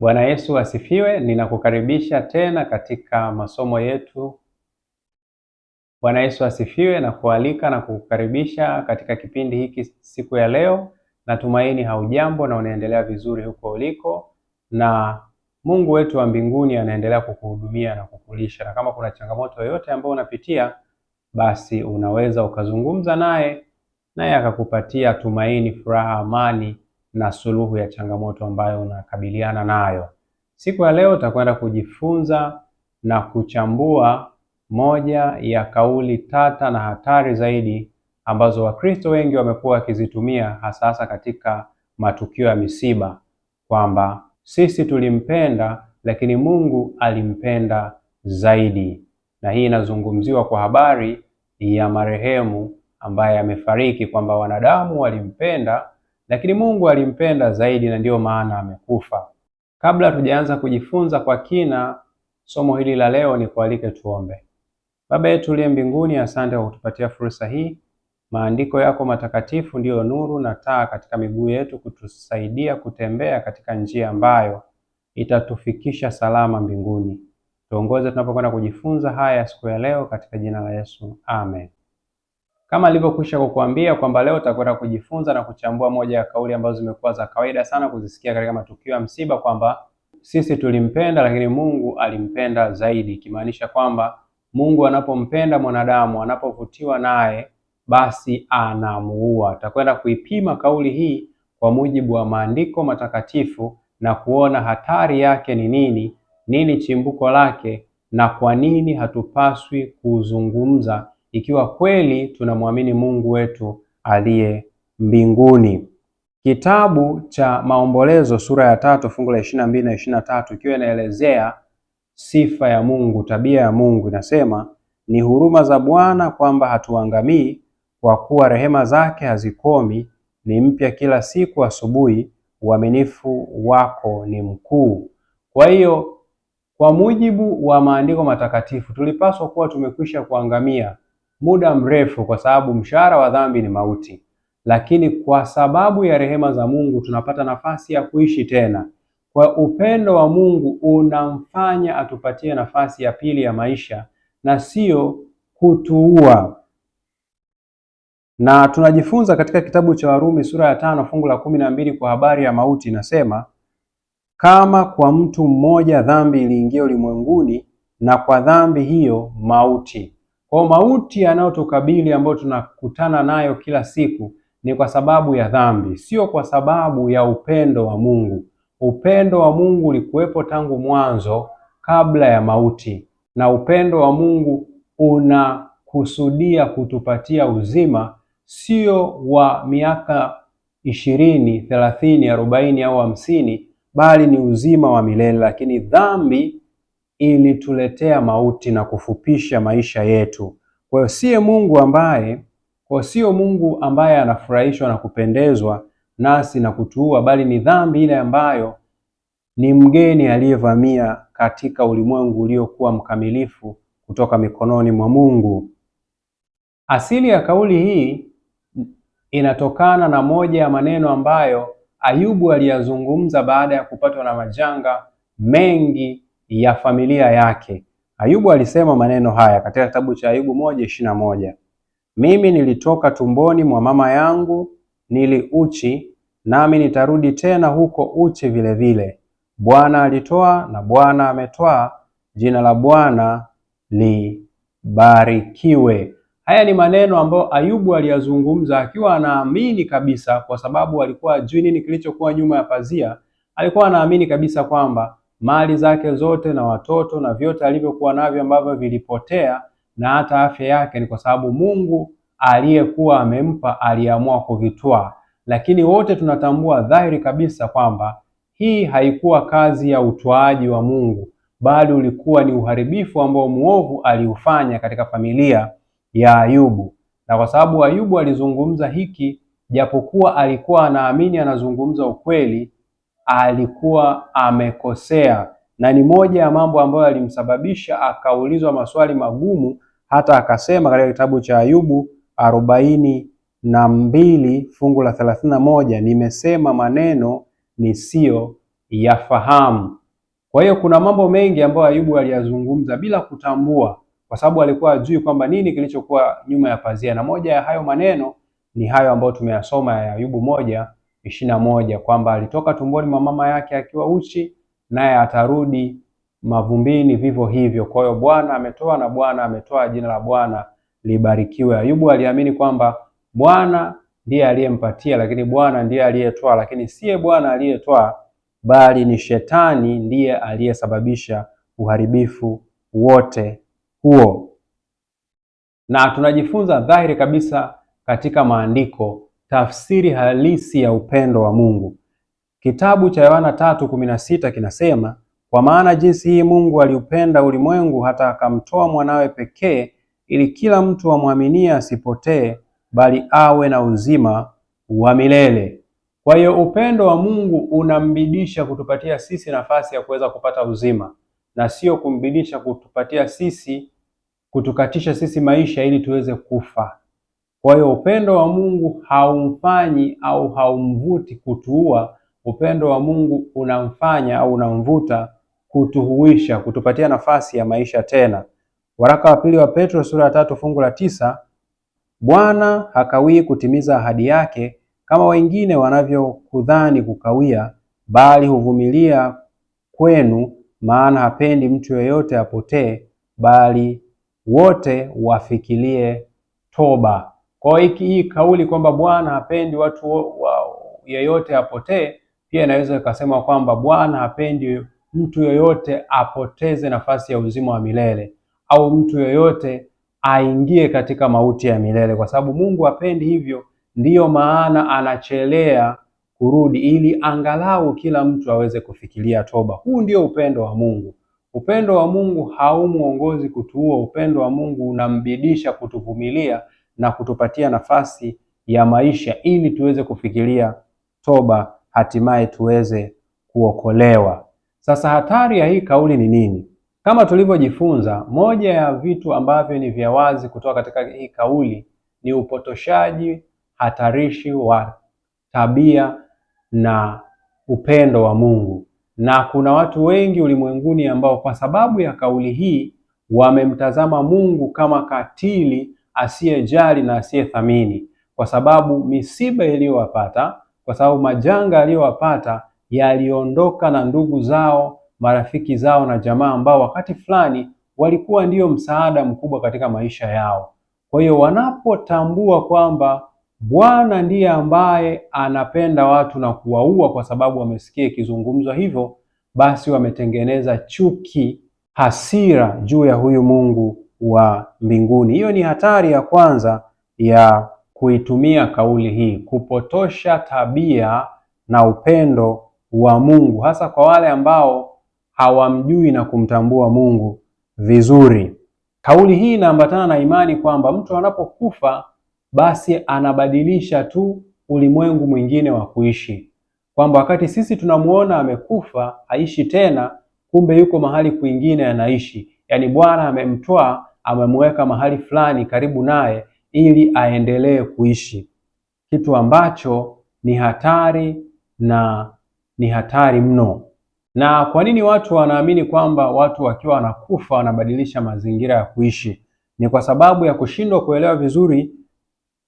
Bwana Yesu asifiwe. Ninakukaribisha tena katika masomo yetu. Bwana Yesu asifiwe na kualika na kukukaribisha katika kipindi hiki siku ya leo. Natumaini haujambo na unaendelea vizuri huko uliko, na Mungu wetu wa mbinguni anaendelea kukuhudumia na kukulisha, na kama kuna changamoto yoyote ambayo unapitia, basi unaweza ukazungumza naye, naye akakupatia tumaini, furaha, amani na suluhu ya changamoto ambayo unakabiliana nayo. Siku ya leo utakwenda kujifunza na kuchambua moja ya kauli tata na hatari zaidi ambazo Wakristo wengi wamekuwa wakizitumia hasa hasa katika matukio ya misiba, kwamba sisi tulimpenda, lakini Mungu alimpenda zaidi. Na hii inazungumziwa kwa habari ya marehemu ambaye amefariki, kwamba wanadamu walimpenda lakini Mungu alimpenda zaidi na ndiyo maana amekufa. Kabla tujaanza kujifunza kwa kina somo hili la leo, ni kualike tuombe. Baba yetu uliye mbinguni, asante kwa kutupatia fursa hii. Maandiko yako matakatifu ndiyo nuru na taa katika miguu yetu, kutusaidia kutembea katika njia ambayo itatufikisha salama mbinguni. Tuongoze tunapokwenda kujifunza haya siku ya leo, katika jina la Yesu, amen. Kama alivyokwisha kukuambia kwamba leo utakwenda kujifunza na kuchambua moja ya kauli ambazo zimekuwa za kawaida sana kuzisikia katika matukio ya msiba kwamba sisi tulimpenda lakini Mungu alimpenda zaidi, ikimaanisha kwamba Mungu anapompenda mwanadamu, anapovutiwa naye, basi anamuua. Atakwenda kuipima kauli hii kwa mujibu wa maandiko matakatifu na kuona hatari yake ni nini, nini chimbuko lake, na kwa nini hatupaswi kuzungumza ikiwa kweli tunamwamini Mungu wetu aliye mbinguni. Kitabu cha Maombolezo sura ya tatu fungu la ishirini na mbili na ishirini na tatu ikiwa inaelezea sifa ya Mungu, tabia ya Mungu, inasema ni huruma za Bwana kwamba hatuangamii, kwa kuwa rehema zake hazikomi, ni mpya kila siku asubuhi, uaminifu wako ni mkuu. Kwa hiyo, kwa mujibu wa maandiko matakatifu tulipaswa kuwa tumekwisha kuangamia muda mrefu, kwa sababu mshahara wa dhambi ni mauti, lakini kwa sababu ya rehema za Mungu tunapata nafasi ya kuishi tena. Kwa upendo wa Mungu unamfanya atupatie nafasi ya pili ya maisha na sio kutuua. Na tunajifunza katika kitabu cha Warumi sura ya tano fungu la kumi na mbili kwa habari ya mauti inasema, kama kwa mtu mmoja dhambi iliingia ulimwenguni na kwa dhambi hiyo mauti kwa mauti yanayotukabili ambayo tunakutana nayo kila siku ni kwa sababu ya dhambi, sio kwa sababu ya upendo wa Mungu. Upendo wa Mungu ulikuwepo tangu mwanzo kabla ya mauti, na upendo wa Mungu unakusudia kutupatia uzima, sio wa miaka ishirini, thelathini, arobaini au hamsini, bali ni uzima wa milele. Lakini dhambi ilituletea mauti na kufupisha maisha yetu. Kwa hiyo siye Mungu ambaye kwa sio Mungu ambaye anafurahishwa na kupendezwa nasi na kutuua, bali ni dhambi ile ambayo ni mgeni aliyevamia katika ulimwengu uliokuwa mkamilifu kutoka mikononi mwa Mungu. Asili ya kauli hii inatokana na moja ya maneno ambayo Ayubu aliyazungumza baada ya kupatwa na majanga mengi ya familia yake. Ayubu alisema maneno haya katika kitabu cha Ayubu moja ishirini na moja mimi nilitoka tumboni mwa mama yangu nili uchi, nami nitarudi tena huko uchi vile vile. Bwana alitoa na Bwana ametwaa, jina la Bwana libarikiwe. Haya ni maneno ambayo Ayubu aliyazungumza akiwa anaamini kabisa, kwa sababu alikuwa ajui nini kilichokuwa nyuma ya pazia. Alikuwa anaamini kabisa kwamba mali zake zote na watoto na vyote alivyokuwa navyo ambavyo vilipotea na hata afya yake, ni kwa sababu Mungu aliyekuwa amempa aliamua kuvitwaa. Lakini wote tunatambua dhahiri kabisa kwamba hii haikuwa kazi ya utwaaji wa Mungu, bali ulikuwa ni uharibifu ambao muovu aliufanya katika familia ya Ayubu. Na kwa sababu Ayubu alizungumza hiki, japokuwa alikuwa anaamini anazungumza ukweli, alikuwa amekosea, na ni moja ya mambo ambayo alimsababisha akaulizwa maswali magumu, hata akasema katika kitabu cha Ayubu arobaini na mbili fungu la thelathini na moja nimesema maneno nisiyo yafahamu. Kwa hiyo kuna mambo mengi ambayo Ayubu aliyazungumza bila kutambua, kwa sababu alikuwa ajui kwamba nini kilichokuwa nyuma ya pazia, na moja ya hayo maneno ni hayo ambayo tumeyasoma ya Ayubu moja ishirini na moja kwamba alitoka tumboni mwa mama yake akiwa uchi, naye atarudi mavumbini vivyo hivyo. Kwa hiyo Bwana ametoa na Bwana ametoa, jina la Bwana libarikiwe. Ayubu aliamini kwamba Bwana ndiye aliyempatia, lakini Bwana ndiye aliyetoa, lakini siye Bwana aliyetoa, bali ni shetani ndiye aliyesababisha uharibifu wote huo. Na tunajifunza dhahiri kabisa katika maandiko tafsiri halisi ya upendo wa Mungu. Kitabu cha Yohana 3:16 kinasema, kwa maana jinsi hii Mungu aliupenda ulimwengu hata akamtoa mwanawe pekee, ili kila mtu amwaminie asipotee, bali awe na uzima wa milele. Kwa hiyo upendo wa Mungu unambidisha kutupatia sisi nafasi ya kuweza kupata uzima na sio kumbidisha kutupatia sisi kutukatisha sisi maisha ili tuweze kufa. Kwa hiyo upendo wa Mungu haumfanyi au haumvuti kutuua. Upendo wa Mungu unamfanya au unamvuta kutuhuisha, kutupatia nafasi ya maisha tena. Waraka wa pili wa Petro sura ya tatu fungu la tisa, Bwana hakawii kutimiza ahadi yake kama wengine wanavyokudhani kukawia, bali huvumilia kwenu, maana hapendi mtu yeyote apotee, bali wote wafikilie toba. Kwa hiyo hii kauli kwamba Bwana hapendi watu wa yeyote apotee, pia inaweza ikasema kwamba Bwana hapendi mtu yoyote apoteze nafasi ya uzima wa milele au mtu yoyote aingie katika mauti ya milele, kwa sababu Mungu hapendi hivyo. Ndiyo maana anachelea kurudi ili angalau kila mtu aweze kufikiria toba. Huu ndio upendo wa Mungu. Upendo wa Mungu haumuongozi kutuua. Upendo wa Mungu unambidisha kutuvumilia na kutupatia nafasi ya maisha ili tuweze kufikiria toba, hatimaye tuweze kuokolewa. Sasa hatari ya hii kauli ni nini? Kama tulivyojifunza, moja ya vitu ambavyo ni vya wazi kutoka katika hii kauli ni upotoshaji hatarishi wa tabia na upendo wa Mungu. Na kuna watu wengi ulimwenguni ambao kwa sababu ya kauli hii wamemtazama Mungu kama katili asiyejali na asiyethamini, kwa sababu misiba iliyowapata, kwa sababu majanga aliyowapata yaliondoka na ndugu zao, marafiki zao na jamaa ambao wakati fulani walikuwa ndiyo msaada mkubwa katika maisha yao. Kwa hiyo wanapotambua kwamba Bwana ndiye ambaye anapenda watu na kuwaua kwa sababu wamesikia ikizungumzwa hivyo, basi wametengeneza chuki, hasira juu ya huyu Mungu wa mbinguni. Hiyo ni hatari ya kwanza ya kuitumia kauli hii, kupotosha tabia na upendo wa Mungu, hasa kwa wale ambao hawamjui na kumtambua Mungu vizuri. Kauli hii inaambatana na imani kwamba mtu anapokufa basi anabadilisha tu ulimwengu mwingine wa kuishi, kwamba wakati sisi tunamuona amekufa haishi tena, kumbe yuko mahali kwingine anaishi, yaani Bwana amemtoa amemweka mahali fulani karibu naye ili aendelee kuishi, kitu ambacho ni hatari na ni hatari mno. Na kwa nini watu wanaamini kwamba watu wakiwa wanakufa wanabadilisha mazingira ya kuishi? Ni kwa sababu ya kushindwa kuelewa vizuri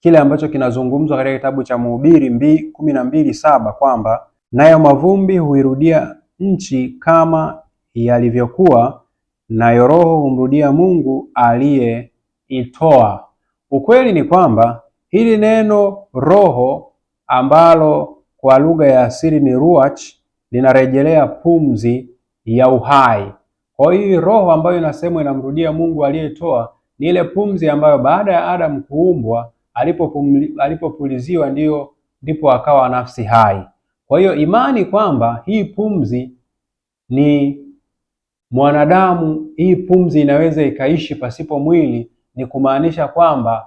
kile ambacho kinazungumzwa katika kitabu cha Mhubiri kumi na mbili saba kwamba nayo mavumbi huirudia nchi kama yalivyokuwa nayo roho humrudia Mungu aliyeitoa. Ukweli ni kwamba hili neno roho ambalo kwa lugha ya asili ni ruach linarejelea pumzi ya uhai. Kwa hiyo roho ambayo inasemwa inamrudia Mungu aliyetoa ni ile pumzi ambayo baada ya Adamu kuumbwa alipopuliziwa, alipo ndiyo ndipo akawa nafsi hai. Kwa hiyo imani kwamba hii pumzi ni mwanadamu hii pumzi inaweza ikaishi pasipo mwili, ni kumaanisha kwamba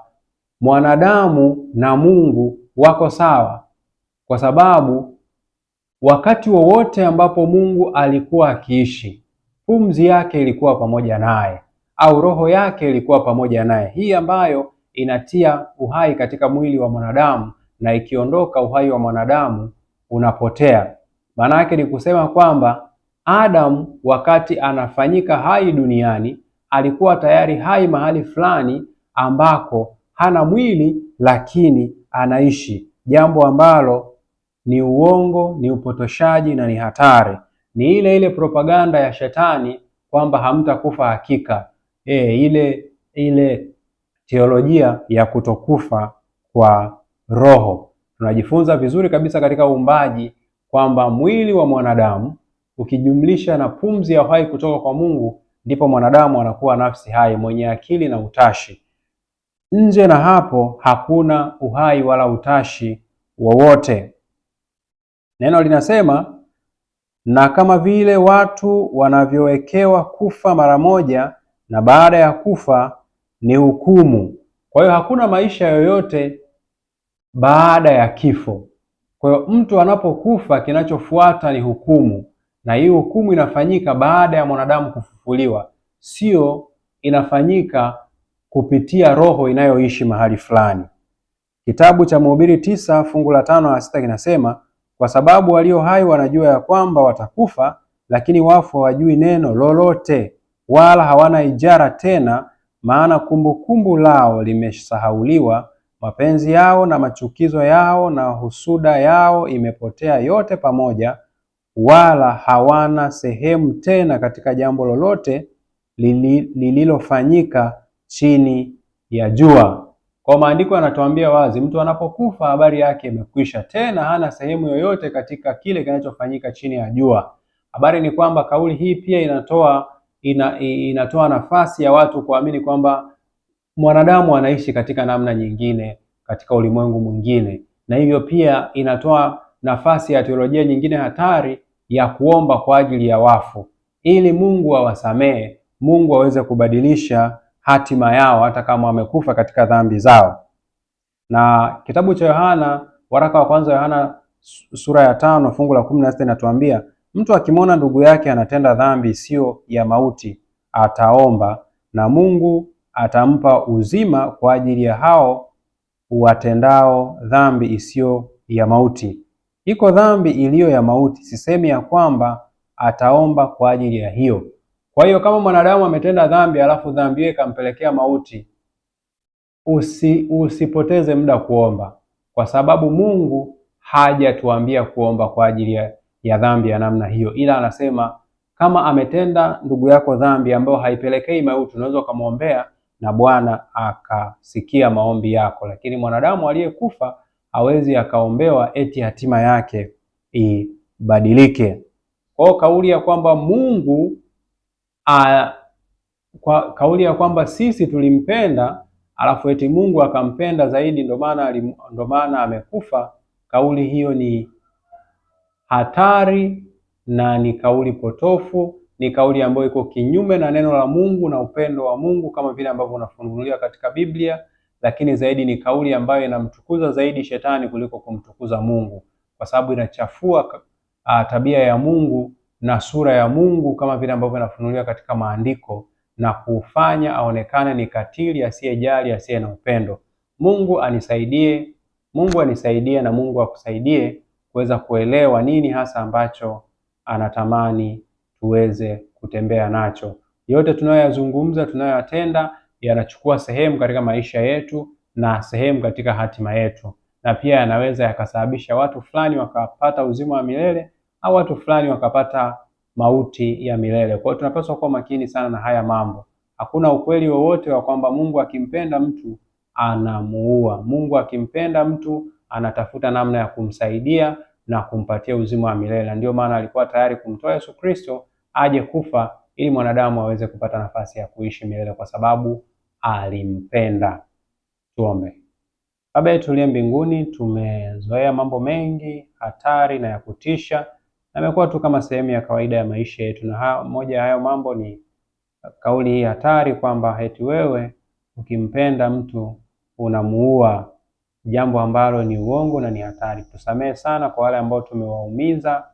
mwanadamu na Mungu wako sawa, kwa sababu wakati wowote ambapo Mungu alikuwa akiishi, pumzi yake ilikuwa pamoja naye au roho yake ilikuwa pamoja naye, hii ambayo inatia uhai katika mwili wa mwanadamu, na ikiondoka uhai wa mwanadamu unapotea. Maana yake ni kusema kwamba Adamu wakati anafanyika hai duniani alikuwa tayari hai mahali fulani ambako hana mwili lakini anaishi, jambo ambalo ni uongo, ni upotoshaji na ni hatari. Ni ile ile propaganda ya shetani kwamba hamtakufa hakika. E, ile ile teolojia ya kutokufa kwa roho tunajifunza vizuri kabisa katika uumbaji kwamba mwili wa mwanadamu ukijumlisha na pumzi ya uhai kutoka kwa Mungu, ndipo mwanadamu anakuwa nafsi hai mwenye akili na utashi. Nje na hapo hakuna uhai wala utashi wowote. Neno linasema, na kama vile watu wanavyowekewa kufa mara moja, na baada ya kufa ni hukumu. Kwa hiyo hakuna maisha yoyote baada ya kifo. Kwa hiyo mtu anapokufa, kinachofuata ni hukumu na hii hukumu inafanyika baada ya mwanadamu kufufuliwa, sio inafanyika kupitia roho inayoishi mahali fulani. Kitabu cha Mhubiri tisa fungu la tano na sita kinasema, kwa sababu walio hai wanajua ya kwamba watakufa, lakini wafu hawajui neno lolote, wala hawana ijara tena, maana kumbukumbu lao limesahauliwa. Mapenzi yao na machukizo yao na husuda yao imepotea yote pamoja wala hawana sehemu tena katika jambo lolote lililofanyika chini ya jua. Kwa maandiko yanatuambia wazi, mtu anapokufa habari yake imekwisha, tena hana sehemu yoyote katika kile kinachofanyika chini ya jua. Habari ni kwamba kauli hii pia inatoa ina, inatoa nafasi ya watu kuamini kwamba mwanadamu anaishi katika namna nyingine katika ulimwengu mwingine, na hivyo pia inatoa nafasi ya teolojia nyingine hatari ya kuomba kwa ajili ya wafu ili Mungu awasamehe wa Mungu aweze kubadilisha hatima yao hata kama wamekufa katika dhambi zao. Na kitabu cha Yohana waraka wa kwanza Yohana sura ya tano fungu la kumi na sita inatuambia mtu akimwona ndugu yake anatenda dhambi isiyo ya mauti ataomba na Mungu atampa uzima kwa ajili ya hao watendao dhambi isiyo ya mauti. Iko dhambi iliyo ya mauti, sisemi ya kwamba ataomba kwa ajili ya hiyo. Kwa hiyo kama mwanadamu ametenda dhambi alafu dhambi hiyo ikampelekea mauti, usi, usipoteze muda kuomba, kwa sababu Mungu hajatuambia kuomba kwa ajili ya, ya dhambi ya namna hiyo, ila anasema kama ametenda ndugu yako dhambi ambayo haipelekei mauti, unaweza ukamwombea na Bwana akasikia maombi yako, lakini mwanadamu aliyekufa hawezi akaombewa eti hatima yake ibadilike. Kwa kauli ya kwamba Mungu a, kwa, kauli ya kwamba sisi tulimpenda alafu eti Mungu akampenda zaidi ndio maana ndio maana amekufa, kauli hiyo ni hatari na ni kauli potofu, ni kauli ambayo iko kinyume na neno la Mungu na upendo wa Mungu kama vile ambavyo unafunuliwa katika Biblia lakini zaidi ni kauli ambayo inamtukuza zaidi shetani kuliko kumtukuza Mungu, kwa sababu inachafua a, ah, tabia ya Mungu na sura ya Mungu kama vile ambavyo inafunuliwa katika maandiko na kufanya aonekane ni katili asiyejali, asiye na upendo. Mungu anisaidie, Mungu anisaidie na Mungu akusaidie kuweza kuelewa nini hasa ambacho anatamani tuweze kutembea nacho. Yote tunayoyazungumza, tunayoyatenda yanachukua sehemu katika maisha yetu na sehemu katika hatima yetu, na pia yanaweza yakasababisha watu fulani wakapata uzima wa milele au watu fulani wakapata mauti ya milele. Kwa hiyo tunapaswa kuwa makini sana na haya mambo. Hakuna ukweli wowote wa kwamba Mungu akimpenda mtu anamuua. Mungu akimpenda mtu anatafuta namna ya kumsaidia na kumpatia uzima wa milele, na ndio maana alikuwa tayari kumtoa Yesu Kristo aje kufa ili mwanadamu aweze kupata nafasi ya kuishi milele kwa sababu alimpenda. Tuombe. Baba yetu uliye mbinguni, tumezoea mambo mengi hatari na ya kutisha, na tu kama sehemu ya kawaida ya maisha yetu, na moja ya hayo mambo ni kauli hii hatari kwamba eti wewe ukimpenda mtu unamuua, jambo ambalo ni uongo na ni hatari. Tusamehe sana kwa wale ambao tumewaumiza,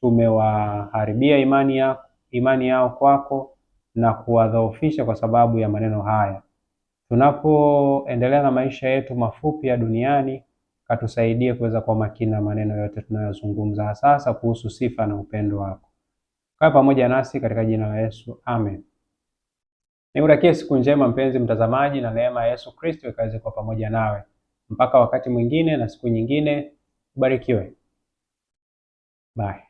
tumewaharibia imani ya, imani yao kwako na kuwadhoofisha kwa sababu ya maneno haya tunapoendelea na maisha yetu mafupi ya duniani, katusaidie kuweza kuwa makini na maneno yote tunayozungumza, sasa kuhusu sifa na upendo wako. Kaa pamoja nasi katika jina la Yesu, amen. Nikutakie siku njema mpenzi mtazamaji, na neema ya Yesu Kristo ikaweze kuwa pamoja nawe mpaka wakati mwingine na siku nyingine. Ubarikiwe. Bye.